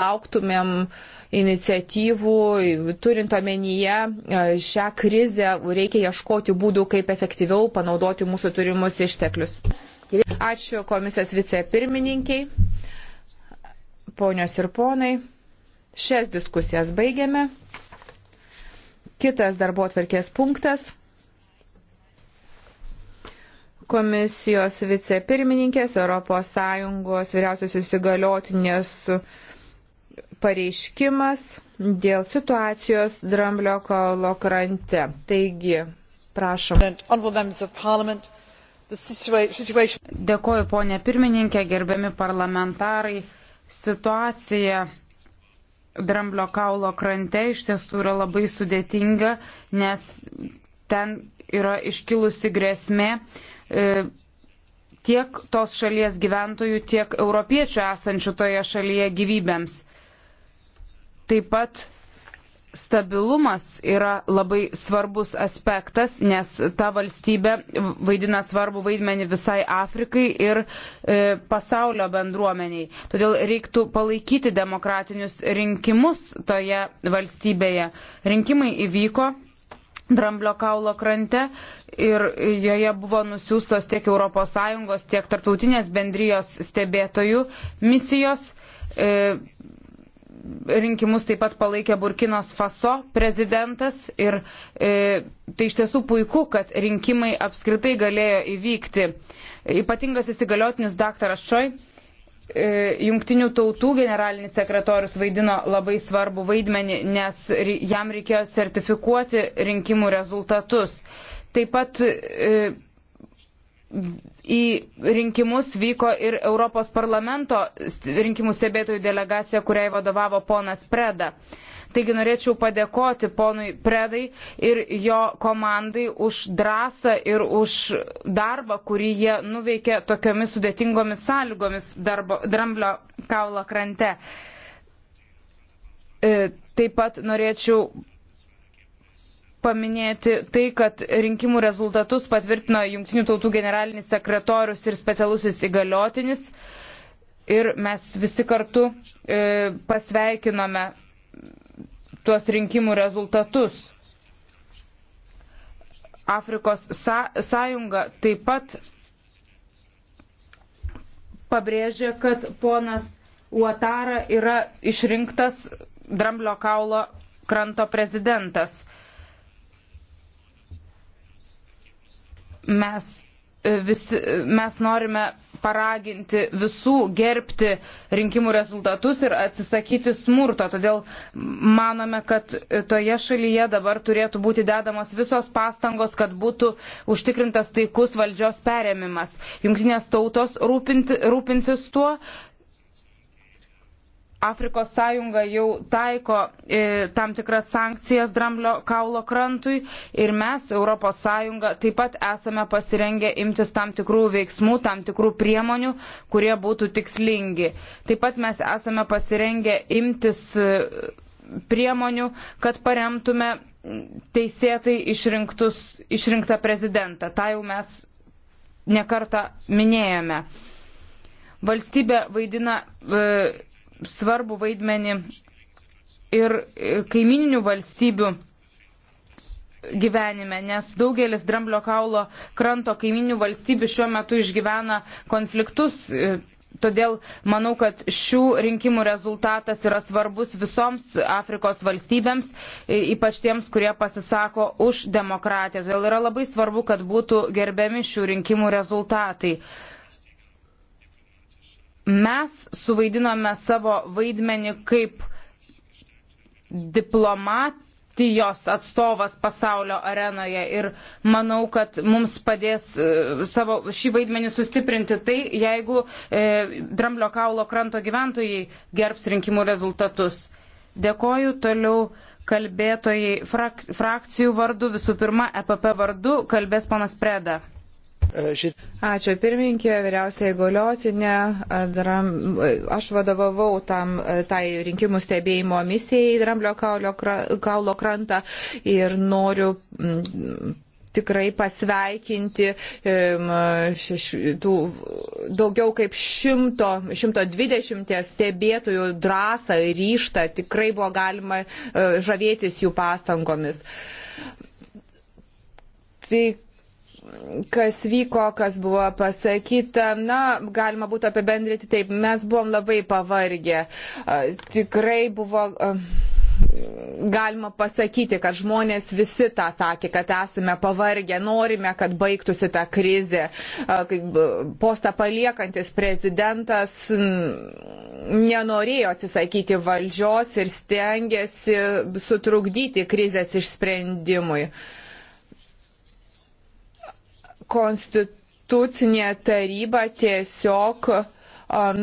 lauktumėm iniciatyvų, turint omenyje e, šią krizę, reikia ieškoti būdų, kaip efektyviau panaudoti mūsų turimus išteklius. Ačiū komisijos vicepirmininkiai, ponios ir ponai. Šias diskusijas baigiame. Kitas darbo atverkės punktas. Komisijos vicepirmininkės Europos Sąjungos vyriausiosios įgaliotinės pareiškimas dėl situacijos Dramblio kaulo krante. Taigi, prašom. Dėkoju, ponė pirmininkė, gerbiami parlamentarai. Situacija Dramblio kaulo krante iš tiesų yra labai sudėtinga, nes ten yra iškilusi grėsmė e, tiek tos šalies gyventojų, tiek europiečių esančių toje šalyje gyvybėms. Taip pat stabilumas yra labai svarbus aspektas, nes ta valstybė vaidina svarbu vaidmenį visai Afrikai ir e, pasaulio bendruomeniai. Todėl reiktų palaikyti demokratinius rinkimus toje valstybėje. Rinkimai įvyko. Dramblio kaulo krante ir joje buvo nusiūstos tiek ES, tiek tarptautinės bendrijos stebėtojų misijos. E, rinkimus taip pat palaikė Burkinos Faso prezidentas ir e, tai iš tiesų puiku, kad rinkimai apskritai galėjo įvykti. Ypatingas įsigaliotinis daktaras Šoj, e, jungtinių tautų generalinis sekretorius vaidino labai svarbu vaidmenį, nes jam reikėjo sertifikuoti rinkimų rezultatus. Taip pat e, į rinkimus vyko ir Europos parlamento rinkimų stebėtojų delegacija, kuriai vadovavo ponas Preda. Taigi norėčiau padėkoti ponui Predai ir jo komandai už drąsą ir už darbą, kurį jie nuveikė tokiomis sudėtingomis sąlygomis darbo, dramblio kaulo krante. E, taip pat norėčiau paminėti tai, kad rinkimų rezultatus patvirtino Junktinių tautų generalinis sekretorius ir specialusis įgaliotinis. Ir mes visi kartu e, pasveikinome tuos rinkimų rezultatus. Afrikos sa sąjunga taip pat pabrėžė, kad ponas Uatara yra išrinktas Dramblio kaulo kranto prezidentas. mes, e, visi, e, mes norime paraginti visų gerbti rinkimų rezultatus ir atsisakyti smurto. Todėl manome, kad toje šalyje dabar turėtų būti dedamos visos pastangos, kad būtų užtikrintas taikus valdžios perėmimas. Junktinės tautos rūpinti, rūpinsis tuo, Afrikos sąjunga jau taiko e, tam tikras sankcijas dramblio kaulo krantui ir mes, Europos sąjunga, taip pat esame pasirengę imtis tam tikrų veiksmų, tam tikrų priemonių, kurie būtų tikslingi. Taip pat mes esame pasirengę imtis e, priemonių, kad paremtume teisėtai išrinktą prezidentą. Ta jau mes nekartą minėjome. Valstybė vaidina e, svarbu vaidmenį ir e, kaimininių valstybių gyvenime, nes daugelis dramblio kaulo kranto kaiminių valstybių šiuo metu išgyvena konfliktus. E, todėl manau, kad šių rinkimų rezultatas yra svarbus visoms Afrikos valstybėms, e, ypač tiems, kurie pasisako už demokratiją. Todėl yra labai svarbu, kad būtų gerbiami šių rinkimų rezultatai. Uh, mes suvaidinome savo vaidmenį kaip diplomatijos atstovas pasaulio arenoje ir manau, kad mums padės e, savo šį vaidmenį sustiprinti tai, jeigu e, Dramblio kaulo kranto gyventojai gerbs rinkimų rezultatus. Dėkoju toliau kalbėtojai frak, frakcijų vardu, visų pirma, EPP vardu kalbės panas Preda. Ačiū pirmininkė, vyriausiai galiotinė. Aš vadovavau tam, tai rinkimų stebėjimo misijai į Dramblio kaulio, kaulo krantą ir noriu tikrai pasveikinti šeš, tų, daugiau kaip 100, 120 stebėtojų drąsą ir ryštą. Tikrai buvo galima e, žavėtis jų pastangomis. Tai kas vyko, kas buvo pasakyta, na, galima būtų apibendrinti taip, mes buvom labai pavargę. Tikrai buvo galima pasakyti, kad žmonės visi tą sakė, kad esame pavargę, norime, kad baigtųsi ta krizė. Postą paliekantis prezidentas nenorėjo atsisakyti valdžios ir stengiasi sutrukdyti krizės išsprendimui. Uh, konstitucinė taryba tiesiog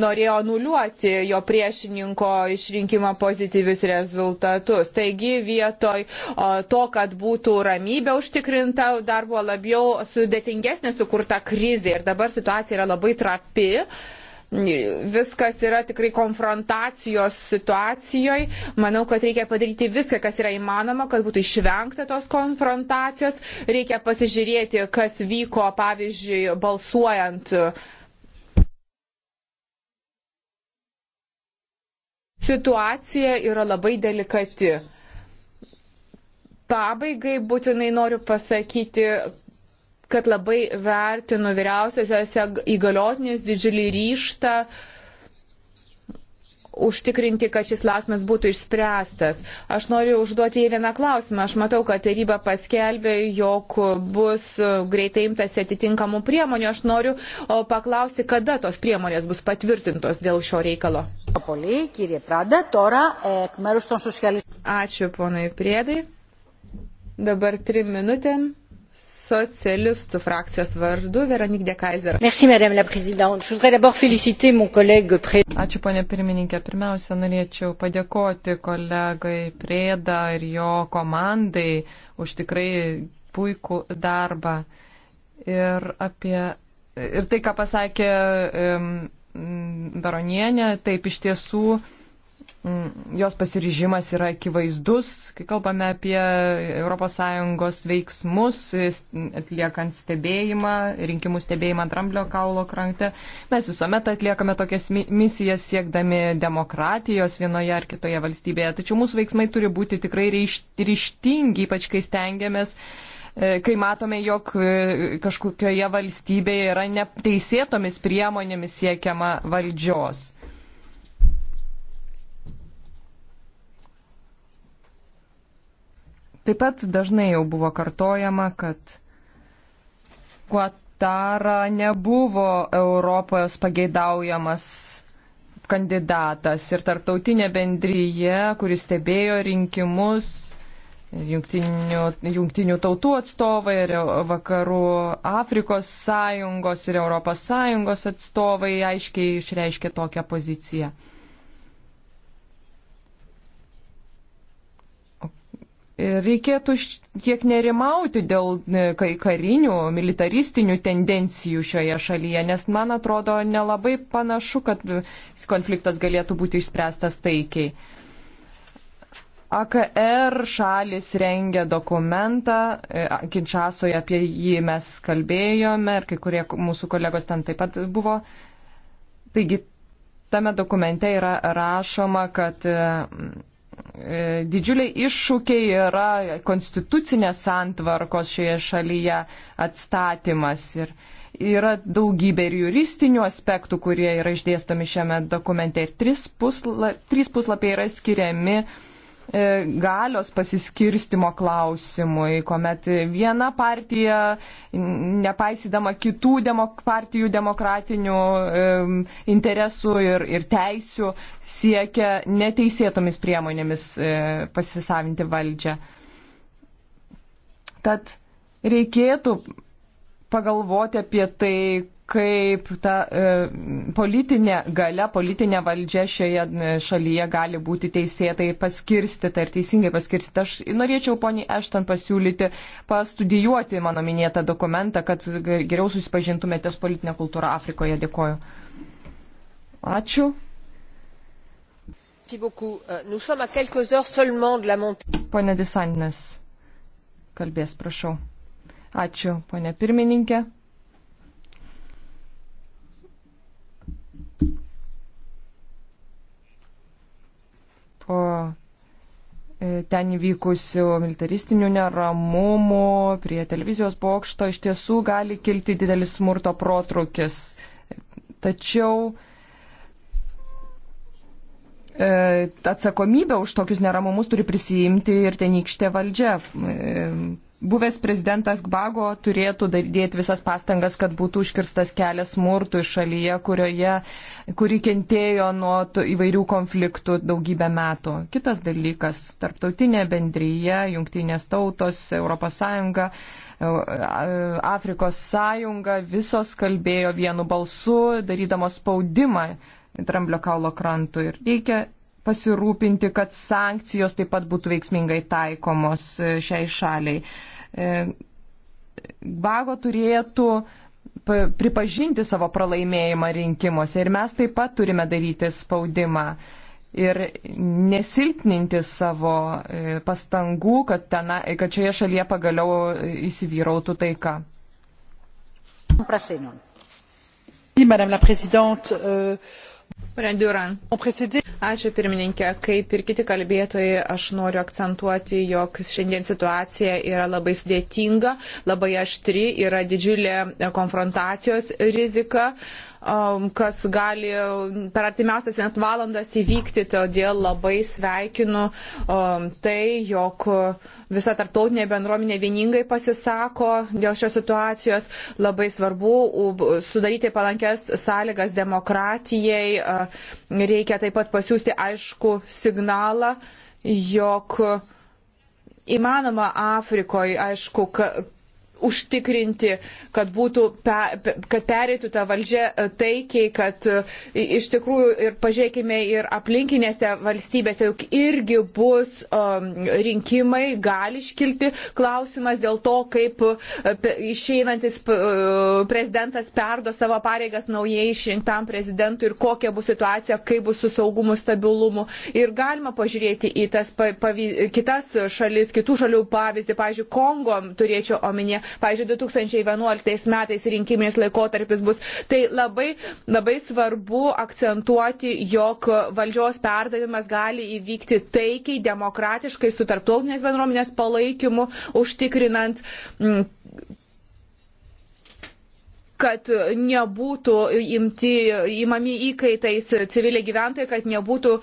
norėjo nuliuoti jo priešininko išrinkimo pozityvius rezultatus. Taigi vietoj to, kad būtų ramybė užtikrinta, dar buvo labiau sudėtingesnė sukurta krizė ir dabar situacija yra labai trapi. Uh, viskas yra tikrai konfrontacijos situacijoje. Manau, kad reikia padaryti viską, kas yra įmanoma, kad būtų išvengta tos konfrontacijos. Reikia pasižiūrėti, kas vyko, pavyzdžiui, balsuojant. Situacija yra labai delikati. Pabaigai būtinai noriu pasakyti, kad labai vertinu vyriausiosios įgaliotinės didžiulį ryštą užtikrinti, kad šis klausimas būtų išspręstas. Aš noriu užduoti jai vieną klausimą. Aš matau, kad taryba paskelbė, jog bus greitai imtas atitinkamų priemonių. Aš noriu paklausti, kada tos priemonės bus patvirtintos dėl šio reikalo. E, Ačiū, ponai Priedai. Dabar trim minutėm socialistų frakcijos vardu Veronik de Kaiser. Merci, madame la présidente. Je voudrais d'abord féliciter mon collègue Preda. Ačiū, ponė pirmininkė. Pirmiausia, norėčiau padėkoti kolegai Preda ir jo komandai už tikrai puikų darbą. Ir apie. Ir tai, ką pasakė um, Baronienė, taip iš tiesų Mm, jos pasiryžimas yra akivaizdus, kai kalbame apie ES veiksmus, atliekant stebėjimą, rinkimų stebėjimą Dramblio kaulo krante. Mes visuomet atliekame tokias misijas siekdami demokratijos vienoje ar kitoje valstybėje, tačiau mūsų veiksmai turi būti tikrai ryštingi, ypač kai stengiamės e, kai matome, jog e, kažkokioje valstybėje yra neteisėtomis priemonėmis siekiama valdžios. Taip pat dažnai jau buvo kartojama, kad Kuatara nebuvo Europos pageidaujamas kandidatas ir tarptautinė bendryje, kuris stebėjo rinkimus, jungtinių, jungtinių tautų atstovai ir vakarų Afrikos sąjungos ir Europos sąjungos atstovai aiškiai išreiškė tokią poziciją. Reikėtų kiek nerimauti dėl e, karinių, militaristinių tendencijų šioje šalyje, nes man atrodo nelabai panašu, kad konfliktas galėtų būti išspręstas taikiai. AKR šalis rengia dokumentą, e, Kinčasoje apie jį mes kalbėjome ir kai kurie mūsų kolegos ten taip pat buvo. Taigi, tame dokumente yra rašoma, kad e, E, didžiuliai iššūkiai yra konstitucinės santvarkos šioje šalyje atstatymas. Ir yra daugybė ir juristinių aspektų, kurie yra išdėstomi šiame dokumente. Ir trys, pusla, trys puslapiai yra skiriami uh, E, galios pasiskirstimo klausimui, kuomet viena partija, nepaisydama kitų demok partijų demokratinių e, interesų ir, ir teisių, siekia neteisėtomis priemonėmis e, pasisavinti valdžią. Tad reikėtų pagalvoti apie tai, kaip ta e, politinė gale, politinė valdžia šioje e, šalyje gali būti teisėtai paskirstita ir teisingai paskirstita. Aš norėčiau poniai Ešton pasiūlyti pastudijuoti mano minėtą dokumentą, kad geriau susipažintumėte su politinė kultūra Afrikoje. Dėkoju. Ačiū. Euh, pone Disaninės, kalbės, prašau. Ačiū, ponė pirmininkė. E, ten įvykusių militaristinių neramumų, prie televizijos bokšto iš tiesų gali kilti didelis smurto protrukis. Tačiau e, atsakomybę už tokius neramumus turi prisijimti ir tenykštė valdžia. E, buvęs prezidentas Gbago turėtų dėti visas pastangas, kad būtų užkirstas kelias smurtui šalyje, kurioje, kuri kentėjo nuo įvairių konfliktų daugybę metų. Kitas dalykas - tarptautinė bendryje, jungtinės tautos, ES, Afrikos sąjunga, visos kalbėjo vienu balsu, darydamos spaudimą Dramblio kaulo krantų ir reikia pasirūpinti, kad sankcijos taip pat būtų veiksmingai taikomos e, šiai šaliai. Bago e, turėtų pripažinti savo pralaimėjimą rinkimuose ir mes taip pat turime daryti spaudimą ir nesilpninti savo e, pastangų, kad, tena, kad šioje šalyje pagaliau įsivyrautų taika. Madame la Présidente, euh, Rendiuran. Ačiū pirmininkė. Kaip ir kiti kalbėtojai, aš noriu akcentuoti, jog šiandien situacija yra labai sudėtinga, labai aštri, yra didžiulė konfrontacijos rizika. Uh, Um, kas gali per artimiausias net valandas įvykti. Todėl labai sveikinu um, tai, jog visa tarptautinė bendruomenė vieningai pasisako dėl šios situacijos. Labai svarbu sudaryti palankes sąlygas demokratijai. Uh, reikia taip pat pasiūsti aišku signalą, jog įmanoma Afrikoje, aišku, užtikrinti, kad, būtų, pe, kad perėtų ta valdžia e, taikiai, kad e, iš tikrųjų ir pažiūrėkime ir aplinkinėse valstybėse, juk irgi bus um, rinkimai, gali iškilti klausimas dėl to, kaip e, išeinantis prezidentas perdo savo pareigas naujai išrinktam prezidentui ir kokia bus situacija, kaip bus su saugumu, stabilumu. Ir galima pažiūrėti į tas pavy, kitas šalis, kitų šalių pavyzdį, pavyzdžiui, Kongo turėčiau omenyje, pavyzdžiui, 2011 metais rinkiminis laikotarpis bus. Tai labai, labai svarbu akcentuoti, jog valdžios perdavimas gali įvykti taikiai, demokratiškai, su tarptautinės bendruomenės palaikymu, užtikrinant. M, mm, kad nebūtų imti, imami įkaitais civiliai gyventojai, kad nebūtų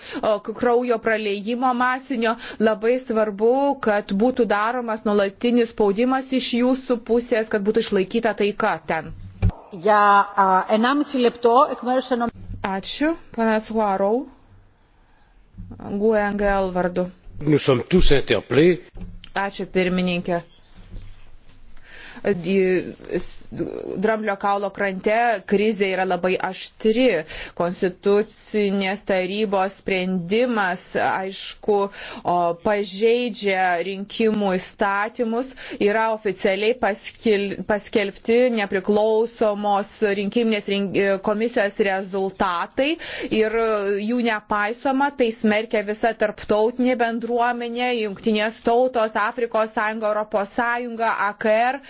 kraujo praleidimo masinio. Labai svarbu, kad būtų daromas nuolatinis spaudimas iš jūsų pusės, kad būtų išlaikyta taika ten. Ačiū, panas Huarau, GUNGL vardu. Ačiū pirmininkė dramblio kaulo krante krizė yra labai aštri. Konstitucinės tarybos sprendimas, aišku, pažeidžia rinkimų įstatymus, yra oficialiai paskelbti nepriklausomos rinkiminės rink e, komisijos rezultatai ir jų nepaisoma, tai smerkia visa tarptautinė bendruomenė, jungtinės tautos, Afrikos sąjunga, Europos sąjunga, AKR,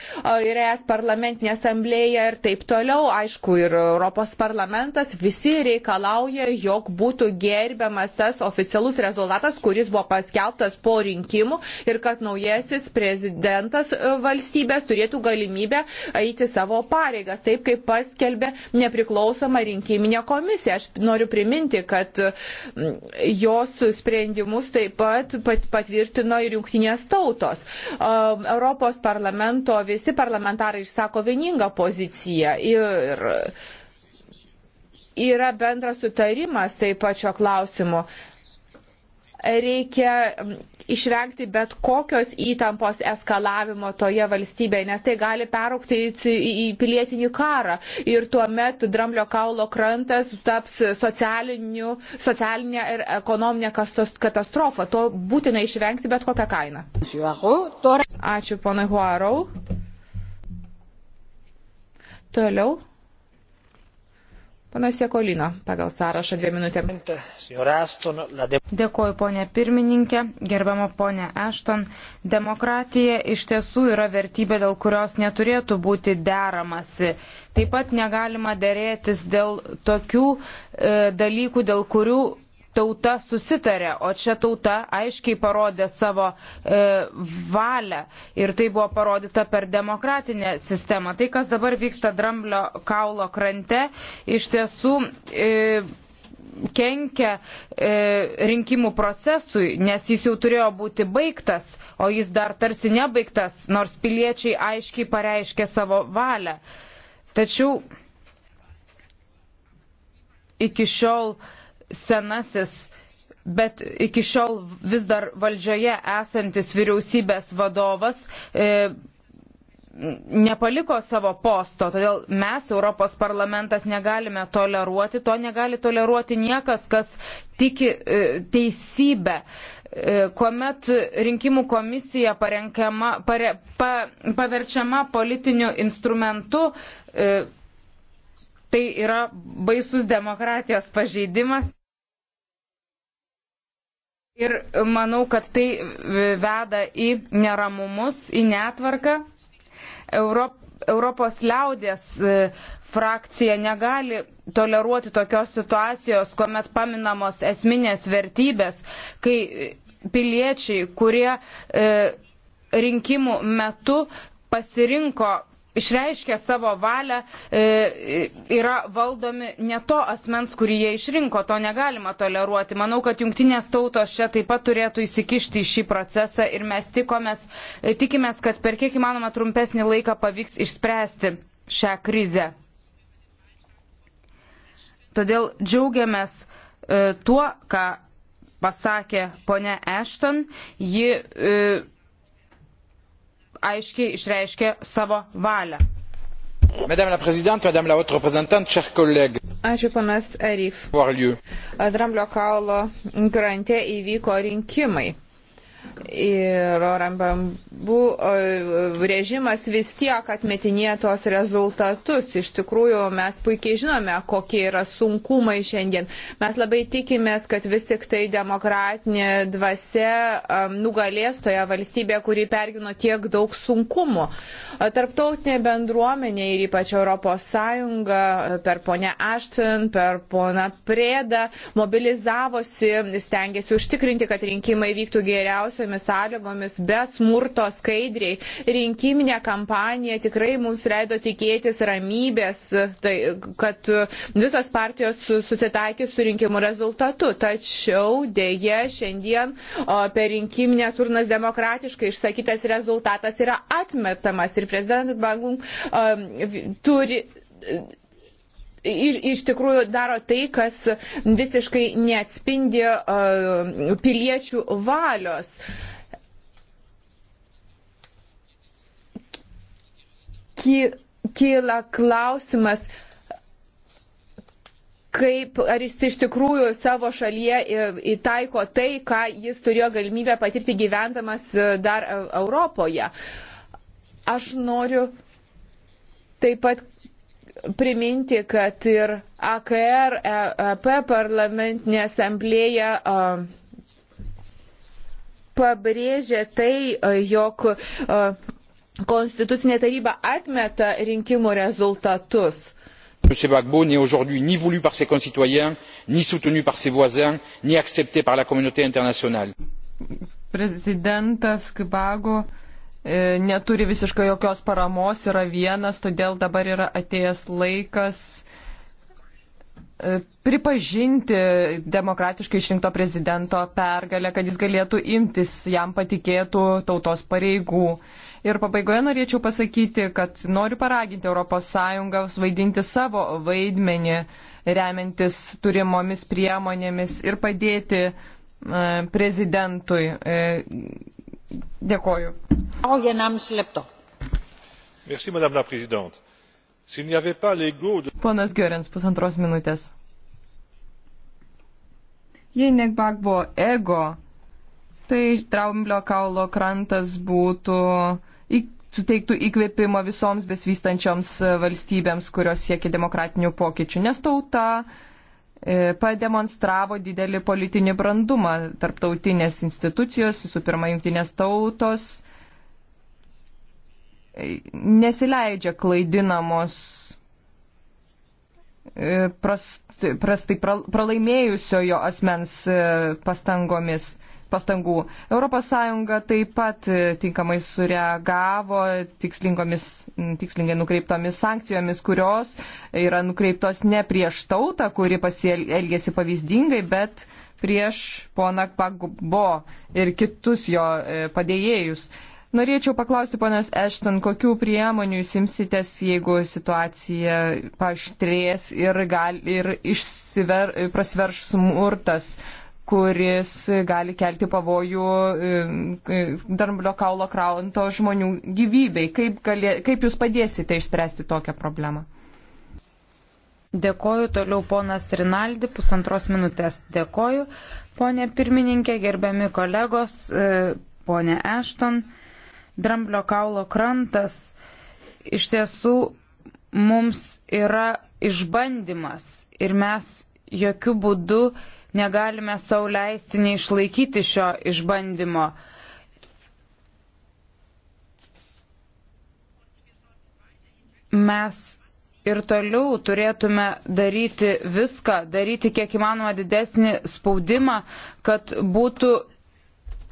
ir ES parlamentinė asamblėja ir taip toliau, aišku, ir Europos parlamentas, visi reikalauja, jog būtų gerbiamas tas oficialus rezultatas, kuris buvo paskelbtas po rinkimų ir kad naujasis prezidentas e, valstybės turėtų galimybę eiti savo pareigas, taip kaip paskelbė nepriklausoma rinkiminė komisija. Aš noriu priminti, kad mm, jos sprendimus taip pat patvirtino ir jungtinės tautos. E, Europos parlamento visi visi parlamentarai išsako vieningą poziciją ir yra bendras sutarimas taip pat šio klausimu reikia išvengti bet kokios įtampos eskalavimo toje valstybėje, nes tai gali peraukti į, į pilietinį karą ir tuomet dramblio kaulo krantas taps socialinė ir ekonominė katastrofa. To būtina išvengti bet kokią kainą. Ačiū, ponai Huarau. Toliau. Panas Jekolino, pagal sąrašą dviem minutėm. Dėkuoju, ponė pirmininkė, gerbama ponė Ashton. Demokratija iš tiesų yra vertybė, dėl kurios neturėtų būti deramasi. Taip pat negalima dėrėtis dėl tokių e, dalykų, dėl kurių tauta susitarė, o čia tauta aiškiai parodė savo e, valią ir tai buvo parodyta per demokratinę sistemą. Tai, kas dabar vyksta dramblio kaulo krante, iš tiesų. E, kenkia e, rinkimų procesui, nes jis jau turėjo būti baigtas, o jis dar tarsi nebaigtas, nors piliečiai aiškiai pareiškė savo valią. Tačiau iki šiol e, senasis, bet iki šiol vis dar valdžioje esantis vyriausybės vadovas e, nepaliko savo posto, todėl mes, Europos parlamentas, negalime toleruoti, to negali toleruoti niekas, kas tiki e, teisybę. E, kuomet rinkimų komisija pare, pa, paverčiama politiniu instrumentu, e, tai yra baisus demokratijos pažeidimas. Ir manau, kad tai veda į neramumus, į netvarką. Europ, Europos liaudės e, frakcija negali toleruoti tokios situacijos, kuomet paminamos esminės vertybės, kai piliečiai, kurie e, rinkimų metu pasirinko išreiškia savo valią, e, yra valdomi ne to asmens, kurį jie išrinko, to negalima toleruoti. Manau, kad jungtinės tautos čia taip pat turėtų įsikišti į šį procesą ir mes tikomės, e, tikimės, kad per kiek įmanoma trumpesnį laiką pavyks išspręsti šią krizę. Todėl džiaugiamės e, tuo, ką pasakė ponia Ešton. Ji e, aiškiai išreiškė savo valią. Madame la Présidente, Madame la Haute Représentante, chers collègues. Ačiū panas Arif. Dramblio kaulo krante įvyko rinkimai. Ir Orambambu režimas vis tiek atmetinė tos rezultatus. Iš tikrųjų, mes puikiai žinome, kokie yra sunkumai šiandien. Mes labai tikimės, kad vis tik tai demokratinė dvasia nugalės toje valstybėje, kuri pergino tiek daug sunkumų. Tarptautinė bendruomenė ir ypač ES per ponę Ashton, per poną Prėdą mobilizavosi, stengiasi užtikrinti, kad rinkimai vyktų geriausiai geriausiomis sąlygomis, be smurto skaidriai. Rinkiminė kampanija tikrai mums leido tikėtis ramybės, tai, kad visos partijos susitaikys su rinkimų rezultatu. Tačiau dėje šiandien o, per rinkiminės urnas demokratiškai išsakytas rezultatas yra atmetamas ir prezidentas Bagum turi iš, iš tikrųjų daro tai, kas visiškai neatspindi uh, piliečių valios. Kyla klausimas, kaip, ar jis iš tikrųjų savo šalyje e, įtaiko tai, ką jis turėjo galimybę patirti gyventamas e, dar e, Europoje. Aš noriu taip pat priminti, kad ir AKR, EP parlamentinė asamblėja pabrėžė tai, jog Konstitucinė taryba atmeta rinkimų rezultatus. M. Gbagbo n'est aujourd'hui ni voulu par ses concitoyens, ni soutenu par ses voisins, ni accepté par la communauté internationale. Président Gbagbo E, neturi visiškai jokios paramos, yra vienas, todėl dabar yra atėjęs laikas e, pripažinti demokratiškai išrinkto prezidento pergalę, kad jis galėtų imtis jam patikėtų tautos pareigų. Ir pabaigoje norėčiau pasakyti, kad noriu paraginti ES vaidinti savo vaidmenį, remiantis turimomis priemonėmis ir padėti e, prezidentui Dėkoju. Merci, madame la présidente. S'il n'y avait pas l'ego de... Ponas Görens, pusantros minutės. Jei negbagbo ego, tai Traumblio kaulo krantas būtų, suteiktų įkvėpimo visoms besvystančioms valstybėms, kurios siekia demokratinių pokyčių, nes tauta E, pademonstravo didelį politinį brandumą tarptautinės institucijos, visų pirma, jungtinės tautos e, nesileidžia klaidinamos e, prast, prastai pralaimėjusiojo asmens pastangomis pastangų. ES taip pat e, tinkamai sureagavo tikslingai nukreiptomis sankcijomis, kurios yra nukreiptos ne prieš tautą, kuri pasielgėsi pavyzdingai, bet prieš poną Pagbo ir kitus jo e, padėjėjus. Norėčiau paklausti, ponios Ešton, kokių priemonių jūs imsitės, jeigu situacija paštrės ir, gal, ir išsiver, prasverš smurtas kuris gali kelti pavojų e, e, Darmblio kaulo kraunto žmonių gyvybei. Kaip, galė, kaip jūs padėsite išspręsti tokią problemą? Dėkoju toliau ponas Rinaldi, pusantros minutės. Dėkoju, ponė pirmininkė, gerbiami kolegos, e, ponė Ešton. Dramblio kaulo krantas iš tiesų mums yra išbandymas ir mes jokių būdų Negalime sauliaisti neišlaikyti šio išbandymo. Mes ir toliau turėtume daryti viską, daryti kiek įmanoma didesnį spaudimą, kad būtų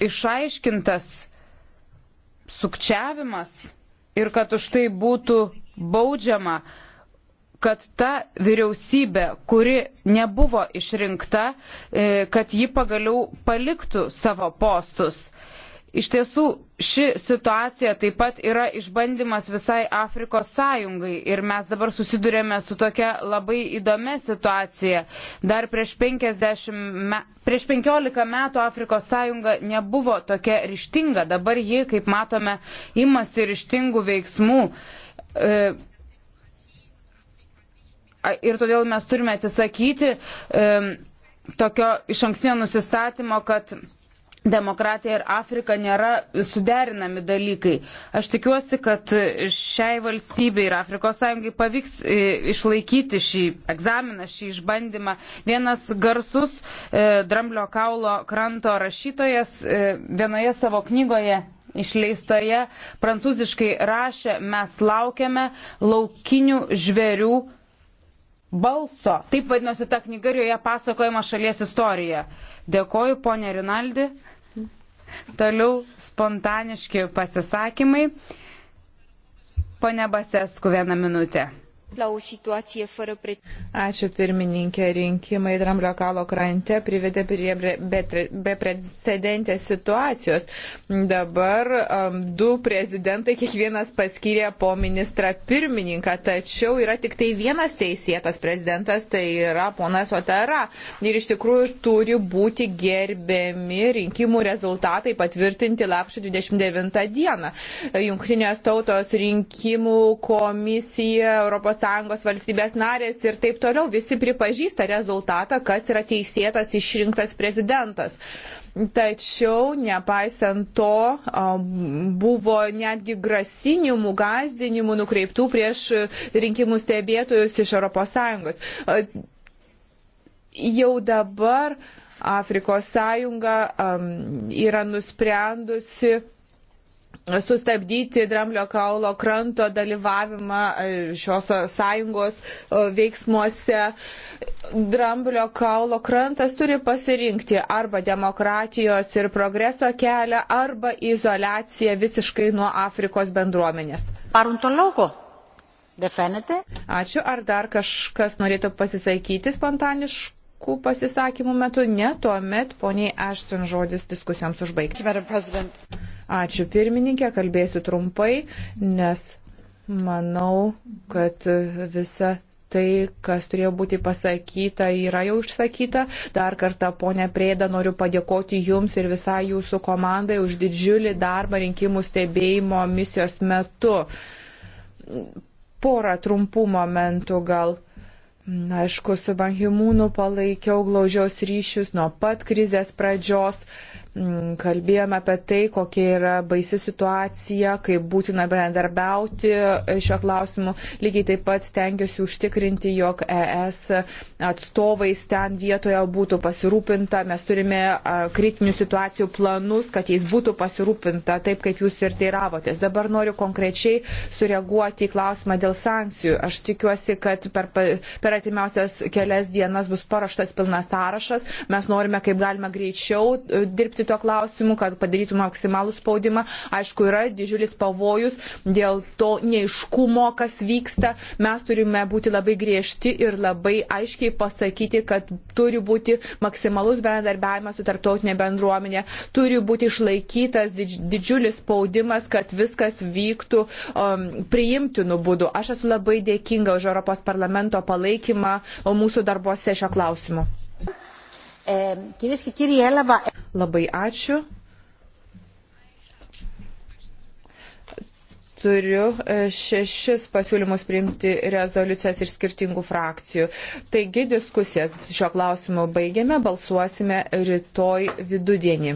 išaiškintas sukčiavimas ir kad už tai būtų baudžiama kad ta vyriausybė, kuri nebuvo išrinkta, e, kad ji pagaliau paliktų savo postus. Iš tiesų, ši situacija taip pat yra išbandymas visai Afrikos sąjungai ir mes dabar susidurėme su tokia labai įdomia situacija. Dar prieš, 50, me, prieš 15 metų Afrikos sąjunga nebuvo tokia ryštinga, dabar ji, kaip matome, imasi ryštingų veiksmų. E, ir todėl mes turime atsisakyti e, tokio iš ankstinio nusistatymo, kad demokratija ir Afrika nėra suderinami dalykai. Aš tikiuosi, kad šiai valstybei ir Afrikos sąjungai pavyks e, išlaikyti šį egzaminą, šį išbandymą. Vienas garsus e, Dramblio kaulo kranto rašytojas e, vienoje savo knygoje išleistoje prancūziškai rašė, mes laukiame laukinių žvėrių balso. Taip vadinosi ta knyga ir joje pasakojama šalies istorija. Dėkoju, ponė Rinaldi. Toliau spontaniški pasisakymai. Pone Basesku, vieną minutę la o situație fără precedent. Ačiū pirmininkė, rinkimai Dramblio kalo krante privedė prie beprecedentės situacijos. Dabar um, du prezidentai kiekvienas paskyrė po ministrą pirmininką, tačiau yra tik tai vienas teisėtas prezidentas, tai yra ponas Otara. Ir iš tikrųjų turi būti gerbiami rinkimų rezultatai patvirtinti lapšio 29 dieną. Junktinės tautos rinkimų komisija Europos ES valstybės narės ir taip toliau visi pripažįsta rezultatą, kas yra teisėtas išrinktas prezidentas. Tačiau, nepaisant to, buvo netgi grasinimų, gazdinimų nukreiptų prieš rinkimų stebėtojus iš ES. Jau dabar Afrikos sąjunga um, yra nusprendusi sustabdyti dramblio kaulo kranto dalyvavimą e, šios sąjungos e, veiksmuose. Dramblio kaulo krantas turi pasirinkti arba demokratijos ir progreso kelią, arba izolaciją visiškai nuo Afrikos bendruomenės. Ačiū. Ar dar kažkas norėtų pasisakyti spontaniškai? politikų pasisakymų metu, ne tuomet poniai Ashton žodis diskusijoms užbaigti. Ačiū pirmininkė, kalbėsiu trumpai, nes manau, kad visa tai, kas turėjo būti pasakyta, yra jau išsakyta. Dar kartą, ponė Prėda, noriu padėkoti Jums ir visai Jūsų komandai už didžiulį darbą rinkimų stebėjimo misijos metu. Porą trumpų momentų gal Mm, aišku, su Banhimūnu palaikiau glaužiaus ryšius nuo pat krizės pradžios. Uh, Mm, kalbėjome apie tai, kokia yra baisi situacija, kaip būtina bendarbiauti šio klausimu. Lygiai taip pat stengiuosi užtikrinti, jog ES atstovais ten vietoje būtų pasirūpinta. Mes turime kritinių situacijų planus, kad jais būtų pasirūpinta taip, kaip jūs ir teiravotės. Dabar noriu konkrečiai sureaguoti į klausimą dėl sankcijų. Aš tikiuosi, kad per, per atimiausias kelias dienas bus paruoštas pilnas sąrašas. Mes norime kaip galima greičiau e, dirbti šito klausimu, kad padarytų maksimalų spaudimą. Aišku, yra didžiulis pavojus dėl to neiškumo, kas vyksta. Mes turime būti labai griežti ir labai aiškiai pasakyti, kad turi būti maksimalus bendradarbiavimas su tarptautinė bendruomenė, turi būti išlaikytas didžiulis spaudimas, kad viskas vyktų um, priimtinu būdu. Aš esu labai dėkinga už Europos parlamento palaikymą mūsų darbuose šio klausimu. Labai ačiū. turiu e, šešis pasiūlymus priimti rezoliucijas iš skirtingų frakcijų. Taigi diskusijas šio klausimu baigėme, balsuosime rytoj vidudienį.